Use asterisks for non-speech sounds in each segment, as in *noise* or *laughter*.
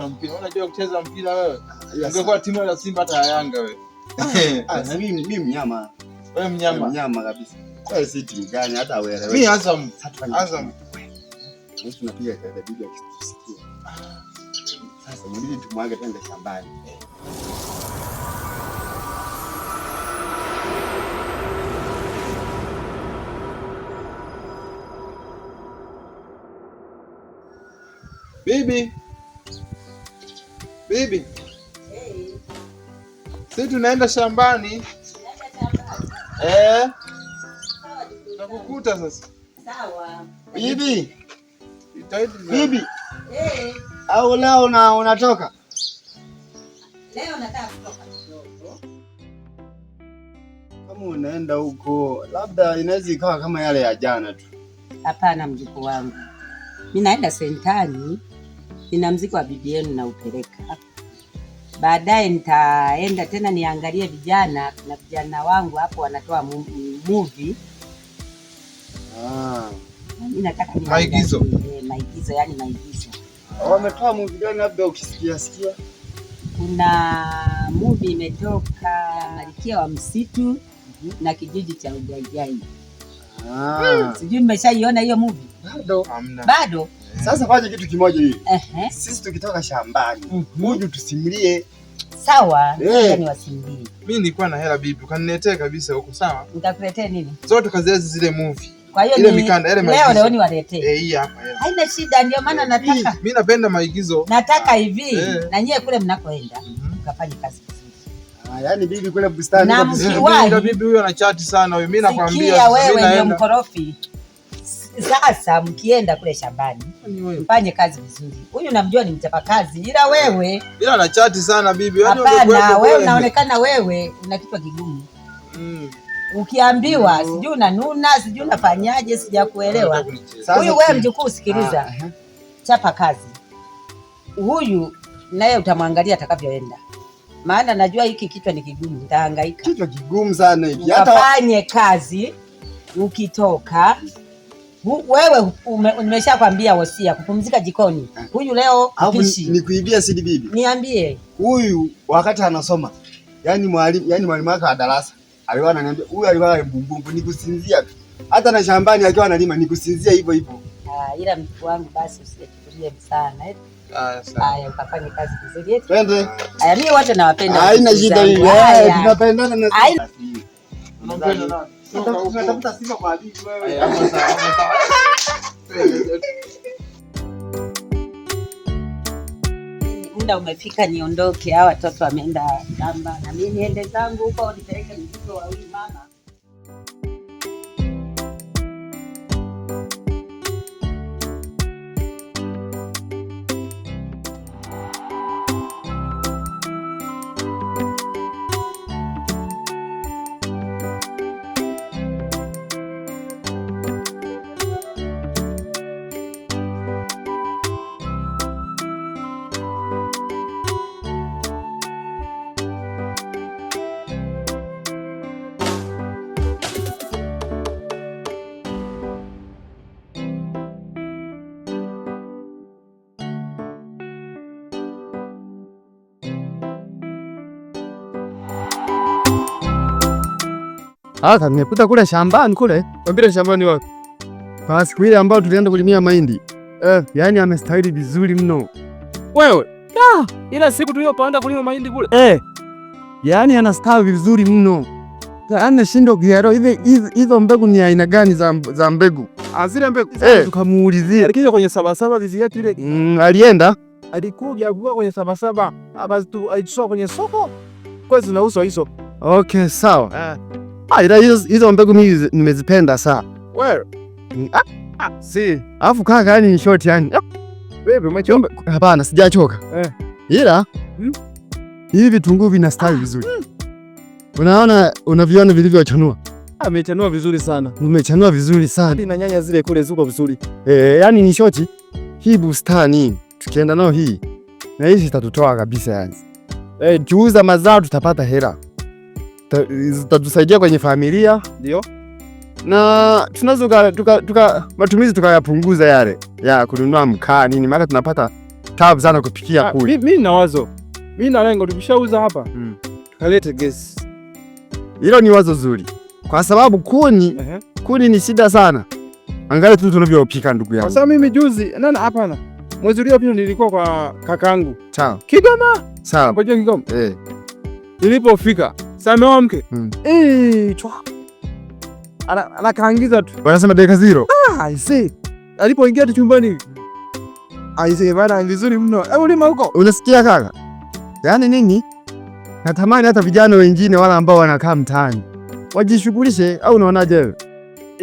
cha mpira. Unajua kucheza mpira wewe. Ungekuwa timu ya Simba hata Yanga wewe. Ah, *laughs* ah, mimi mimi mnyama. Wewe mnyama. Mnyama kabisa. Kwa si timu gani hata wewe. Mimi Azam. Azam. Mimi tunapiga kelele bibi akitusikia. Sasa mbili tumwage twende shambani. Bibi. Bibi, hey. Si tunaenda shambani eh? Nakukuta sasa. Sawa. Bibi. Bibi. Hey. Eh. Au leo unatoka? Leo nataka kutoka Kama unaenda huko, labda inaweza ikawa kama yale ya jana tu. Hapana, mjukuu wangu. Mimi naenda sentani nina mziki wa bibi yenu naupeleka. Baadaye nitaenda tena niangalie vijana, na vijana wangu hapo wanatoa movie ah. nataka maigizo eh, maigizo yani maigizo. Wametoa movie gani? Labda ukisikia sikia, kuna movie imetoka Malkia wa Msitu mhm. na kijiji cha Ugaigai. Ah. Hmm, sijui mmeshaiona hiyo movie? Bado. Amna. Bado. Sasa fanya kitu kimoja hii. Uh-huh. Sisi tukitoka shambani, huyu mhm. uh tusimulie. Sawa, hey. Eh. Niwasimulie. Mimi nilikuwa na hela bibi, ukaniletea kabisa huko sawa? Nitakuletea nini? Zote kazi zile movie. Kwa hiyo ile mikanda ile maigizo. Leo leo niwaletee. Eh, hii hapa. Haina shida, ndio maana eh, nataka. Mimi napenda maigizo. Nataka ah, hivi eh. na nyie kule mnakoenda mhm. mkafanye kazi. Ah, yaani bibi kule bustani kabisa. Bibi huyo anachati sana Mimi nakwambia, mimi Wewe ndio mkorofi. Sasa mkienda kule shambani mfanye kazi vizuri. Huyu namjua ni mchapa kazi, ila wewe ila na chati sana bibi. Yaani Hapana, wewe unaonekana wewe una kichwa kigumu mm. Ukiambiwa mm. sijui unanuna sijui unafanyaje, sijakuelewa. Huyu wewe mjukuu, usikiliza ah, eh. chapa kazi huyu naye utamwangalia atakavyoenda, maana najua hiki kichwa ni kigumu, nitahangaika. Kichwa kigumu sana hiki. Hata fanye kazi ukitoka wewe nimesha nimeshakwambia wasia kupumzika jikoni. Eh. Huyu leo mpishi. Nikuibia sidi bibi. Niambie. Huyu wakati anasoma, Yaani mwalimu, yaani mwalimu wake wa darasa alikuwa ananiambia huyu alikuwa mbumbumbu nikusinzia tu. Hata na shambani akiwa analima nikusinzia hivyo hivyo. Ah, ila mtu wangu basi usifikirie sana. Eh. Haya, ukafanye kazi vizuri. Eh. Twende. Haya, mimi wote nawapenda. Haina shida hiyo. Tunapendana na Haina Unatafuta sifa kwa adili wewe. Muda umefika niondoke, hawa watoto wameenda shamba na mimi niende zangu huko nipeleke mzigo wa huyu mama. Hata ah, nimekuta kule shambani kule. Mbona shambani wapi? Kwa siku ile ambayo tulienda kulimia mahindi. Eh, yani amestahili vizuri mno. Wewe. Ah, ila siku tuliyopanda kulima mahindi kule. Eh. Yani anastawi vizuri mno. Yaani shindo giaro hivi hizo mbegu ni aina gani za za mbegu? Azile mbegu eh, tukamuulizia. Alikija kwenye saba saba zizi yetu ile. Mm, alienda. Alikuja kwa kwenye saba saba. Abazi tu alitusoma kwenye soko. Kwa zinauzwa hizo. Okay, sawa. Eh. Ah, ila hizo mbegu mimi nimezipenda sana. Wewe ah, ah, si alafu kaka, yani ni short yani. Ah, Wewe umechoka? Hapana, sijachoka eh. Ila hmm? hivi vitunguu vinastawi vizuri hmm. Unaona, unaviona vilivyochanua, amechanua vizuri sana, umechanua vizuri sana na nyanya zile kule zuko vizuri eh, eh yani ni short. hii bustani, tukienda nao hii na hii itatutoa kabisa yani eh, tuuza mazao tutapata hela zitatusaidia kwenye familia ndio, na tunazo tuka, tuka, matumizi tukayapunguza yale ya kununua mkaa nini, maana tunapata tabu sana kupikia ah, kule. Mimi na wazo, mimi na lengo, tukishauza hapa mm. tukalete gesi. Hilo ni wazo zuri, kwa sababu kuni uh -huh. kuni ni shida sana, angalia tu tunavyopika ndugu yangu. Sasa mimi juzi nana, hapana, mwezi uliopita nilikuwa kwa kakangu Kigoma, sawa, kwa Kigoma eh, nilipofika Samewa mke hmm. eh, tu wanasema dakika zero ah, alipoingia tu chumbani bana, vizuri mno ulima huko. Unasikia kaka, yaani nini, natamani hata vijana wengine wala ambao wanakaa mtaani wajishughulishe, au unaonaje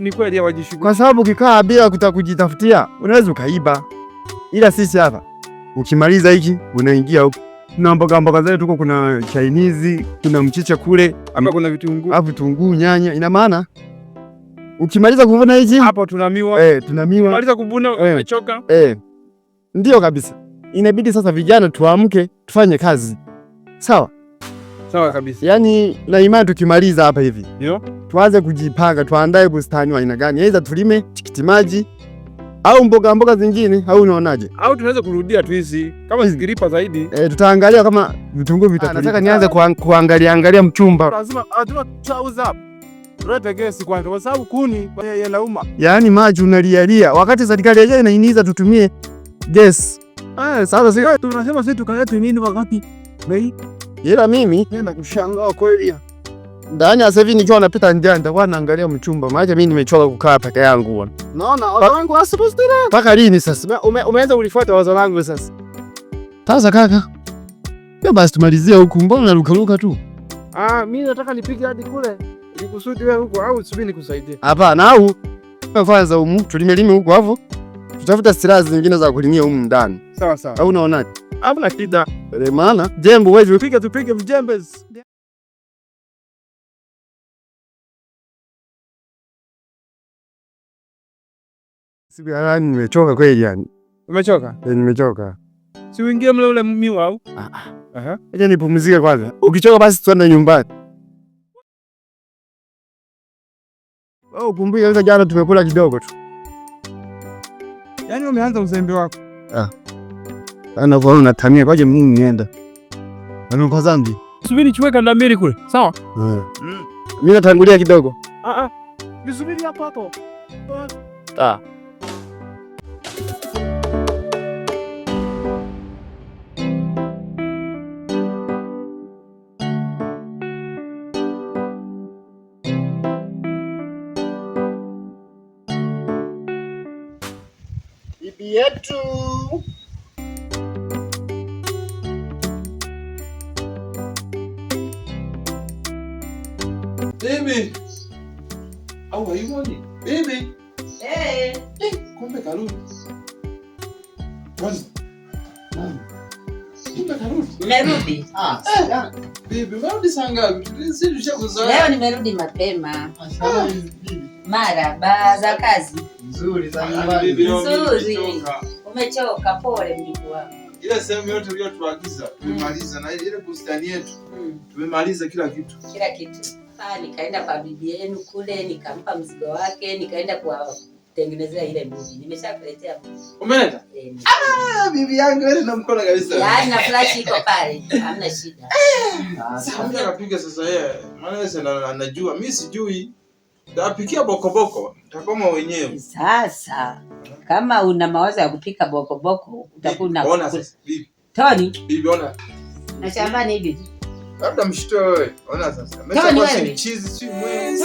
Ni kweli wajishughulishe, kwa sababu ukikaa bila kutakujitafutia unaweza ukaiba, ila sisi hapa ukimaliza hiki unaingia huko na mboga mboga zetu huko, kuna chainizi, kuna mchicha kule, kuna vitunguu, ah, vitunguu, nyanya. Ina maana ukimaliza kuvuna hizi hapo tuna miwa eh, tuna miwa maliza kuvuna eh. umechoka eh, ndio kabisa. Inabidi sasa vijana tuamke, tufanye kazi. Sawa sawa kabisa, Yani na imani tukimaliza hapa hivi ndio tuanze kujipanga, tuandae bustani wa aina gani, aidha tulime tikiti maji au mboga mboga zingine au unaonaje? Au tunaweza kurudia tu hizi kama hmm. zikilipa zaidi. e, tutaangalia kama vitunguu ah, vitatulipa. Nataka nianze kuangalia angalia mchumba. Lazima ah, tutauza. Kwa sababu kuni yanauma. Yaani maji unalialia wakati serikali yenyewe inainiza tutumie gesi. Ah, sasa sisi tunasema sisi tukaleta nini wakati bei? Ila mimi nakushangaa kweli. Dani sasa hivi nikiwa napita njia nitakuwa naangalia mchumba, maana mimi nimechoka kukaa peke yangu. bwana. Naona wazo wangu langu hasiposti tena. Paka lini sasa? Umeanza kulifuata wazo langu sasa. Sasa kaka. Ya basi tumalizie huku, mbona unaruka ruka tu? Ah, mimi nataka nipige hadi kule. Nikusudi wewe huko au subiri nikusaidie. Hapana, au kwanza humu tulimelime huko hapo. Tutafuta silaha zingine za kulimia humu ndani. Sawa sawa. Au unaonaje? Hamna shida. Eh, maana jembe wewe tupige tupige vijembe. Siku nimechoka kweli yani. Umechoka? Eh, nimechoka. Si uingie mle ule miwa au? Ah, ah. Aha. Acha nipumzike kwanza. Ukichoka basi tuende nyumbani. Oh, kumbuka ile jana tumekula kidogo tu. Yaani umeanza uzembe wako. Ah. Ana yaani vona natamia kwaje mimi nienda. Ana yaani kwa zambi. Subiri chukue kanda mbili kule. Sawa? Eh. Mm. Mimi natangulia kidogo. Ah ah. Nisubiri hapo hapo. Ah. bibi yetu. Bibi. Au haioni? Bibi. Hey. Hey, kumbe karudi. Nimerudi. Ah, eh, saa ngapi? Leo nimerudi mapema. mara baza kazi nzuri za ah, nyumbani. Nzuri. Umechoka, pole mjukuu wangu. Ile sehemu yote uliyotuagiza mm. tumemaliza, na ile bustani yetu mm. tumemaliza kila kitu, kila kitu. Ah, nikaenda kwa bibi yenu kule nikampa mzigo wake, nikaenda kwa tengenezea ile mbuzi. Nimeshakuletea. umeenda? Eh, ah, bibi yangu ile na mkono kabisa. Yaani na flash iko pale. Hamna shida. Ah, sasa mtu napiga sasa yeye. Maana yeye anajua, mimi sijui. Tapikia bokoboko takoma wenyewe. Sasa kama una mawazo ya kupika bokoboko utakuwa na bona. sasa bibi. Tony bibi ona. Na shambani hivi. Labda mshito wewe. Ona sasa. Mimi si cheese si mwewe.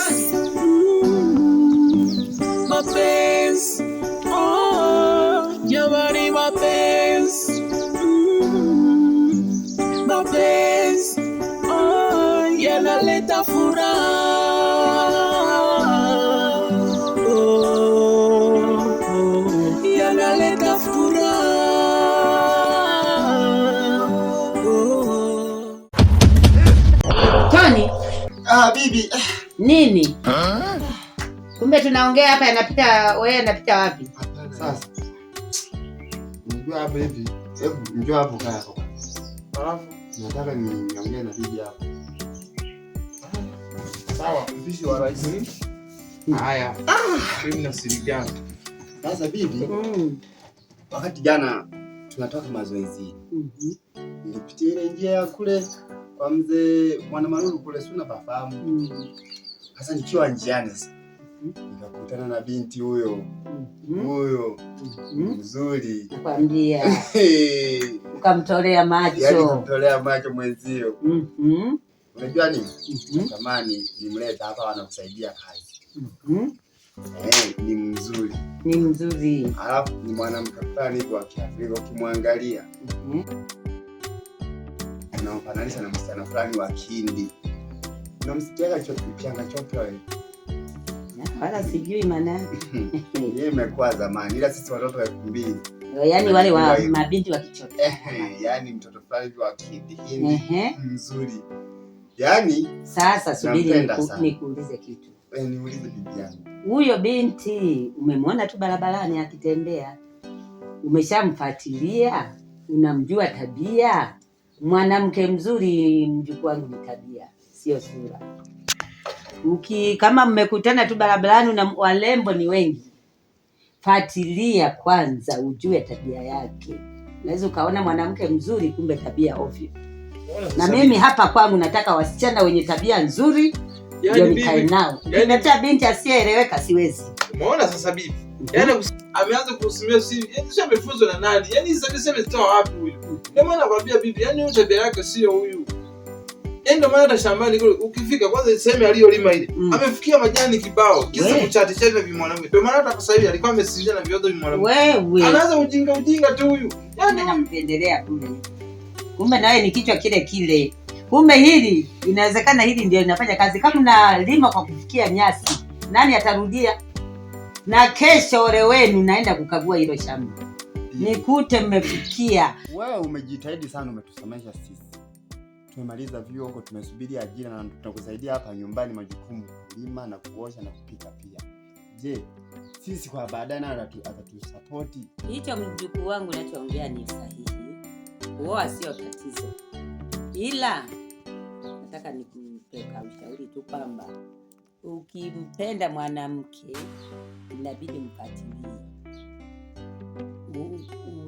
Mapenzi. Oh, jamani mapenzi. Mapenzi. Oh, yanaleta furaha. bibi. Nini? Ha? Kumbe tunaongea hapa yanapita wewe yanapita wapi? Sasa. Njoo hapa hivi. Hebu njoo hapo kaya hapo. Alafu nataka niongee na bibi hapo. Sawa, mpishi wa rais. Hmm. Haya. Ah. Mimi na siri gani? Sasa bibi. Hmm. Wakati jana tunatoka mazoezi. Mhm. nilipitia ile njia ya kule kwa mzee mwana maruru kule, si unafahamu. Mm. Sasa nikiwa njiani sasa mm. nikakutana na binti huyo mm. huyo mzuri, nikwambia *laughs* ukamtolea macho, yaani ukamtolea macho mwenzio. Mm-hmm. Unajua nini, tamani mm-hmm. nimleta hapa, wanakusaidia kazi mm-hmm. Eh, ni mzuri ni mzuri, alafu ni mwanamke fulani wa Kiafrika ukimwangalia anaofananishwa na msichana fulani wa Kindi, namsikiaga chokipiana chope wala sijui maana *laughs* yeye imekuwa zamani, ila sisi watoto wa elfu mbili yaani wale wa mabinti wa kichoto, yaani mtoto fulani wa Kindi Hindi mzuri, yaani sasa. Subiri nikuulize kitu, Wewe eh, niulize bibi yangu. Huyo binti umemwona tu barabarani akitembea, umeshamfuatilia? Unamjua tabia? mwanamke mzuri mjukuu wangu ni tabia, sio sura. Mki kama mmekutana tu barabarani na walembo ni wengi, fatilia kwanza ujue tabia yake. Unaweza ukaona mwanamke mzuri, kumbe tabia ovyo. Na mimi hapa kwangu nataka wasichana wenye tabia nzuri ndio yaani nikae nao. Yaani- Ukiniletea binti asiyeeleweka siwezi. Umeona sasa bibi? Mhm. Yaani ameanza kuhusimia sisi. Yaani sio amefunzwa na nani? Yaani sasa sasa ametoa wapi huyu? Ndio maana nakwambia bibi, yaani huyo tabia yake sio huyu. Yaani ndio maana hata shambani kule ukifika kwanza sema aliyolima ile. Mm. Amefikia majani kibao. Kisa kuchati chati na vimwanaume. Ndio maana hata sasa hivi alikuwa amesinzia na vyote vimwanaume. Wewe. Anaanza ujinga ujinga tu huyu. Yaani nampendelea kule. Kumbe naye ni kichwa kile kile. Kumbe hili inawezekana, hili ndio linafanya kazi. Kama unalima kwa kufikia nyasi, nani atarudia? na kesho ole wenu naenda kukagua hilo shamba mm. nikute mmefikia. Wewe umejitahidi sana, umetusemesha sisi, tumemaliza vyuo huko, tumesubiri ajira na tunakusaidia hapa nyumbani, majukumu kulima na kuosha na kupika pia. Je, sisi kwa baadaye nayo atatusapoti? Hicho mjukuu wangu nachoongea ni sahihi, kuoa sio tatizo, ila nataka nikupeka ushauri tu kwamba ukimpenda mwanamke inabidi mfatilie,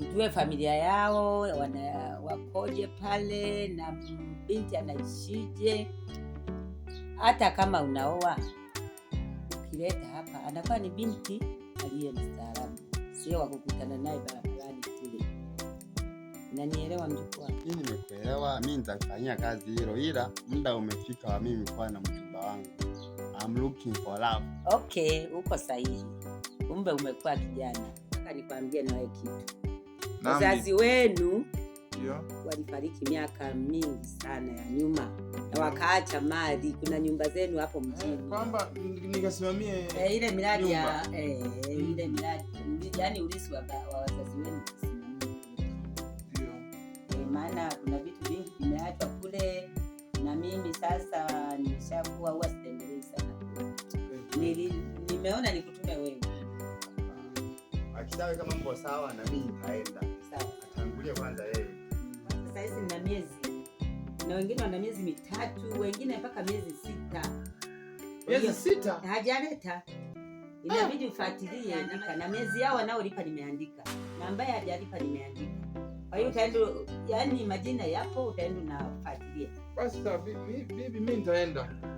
ujue familia yao wana wakoje pale na binti anaishije. Hata kama unaoa ukileta hapa, anakuwa ni binti aliye mstaarabu, sio wakukutana naye barabarani kule. Nanielewa mjukuu? Mimi nimekuelewa, nitafanyia kazi hilo, ila muda umefika wa mimi kuwa na mchumba wangu. I'm looking for love. Okay, uko sahihi. Kumbe umekuwa kijana. Nataka nikwambie nawe kitu. Wazazi wenu yeah, walifariki miaka mingi sana ya nyuma na wakaacha mali. Kuna nyumba zenu hapo eh, mjini kwamba nikasimamie eh, ile miradi ya eh, ile mm. miradi yani urithi wa, wazazi wenu eh, maana kuna vitu vingi vimeachwa kule, na mimi sasa nishakuwa nimeona nikutume wewe. Akitaka kama mko sawa na mimi nitaenda. Atangulie kwanza yeye. Sasa hizi nina miezi na wengine wana miezi mitatu, wengine mpaka miezi sita. Miezi sita? Hajaleta. Inabidi ah. ufuatilie andika na miezi yao wanaolipa nimeandika. Na ambaye hajalipa nimeandika. Kwa hiyo utaenda, yani majina yapo, utaenda na kufuatilia. Basi bibi, mimi nitaenda.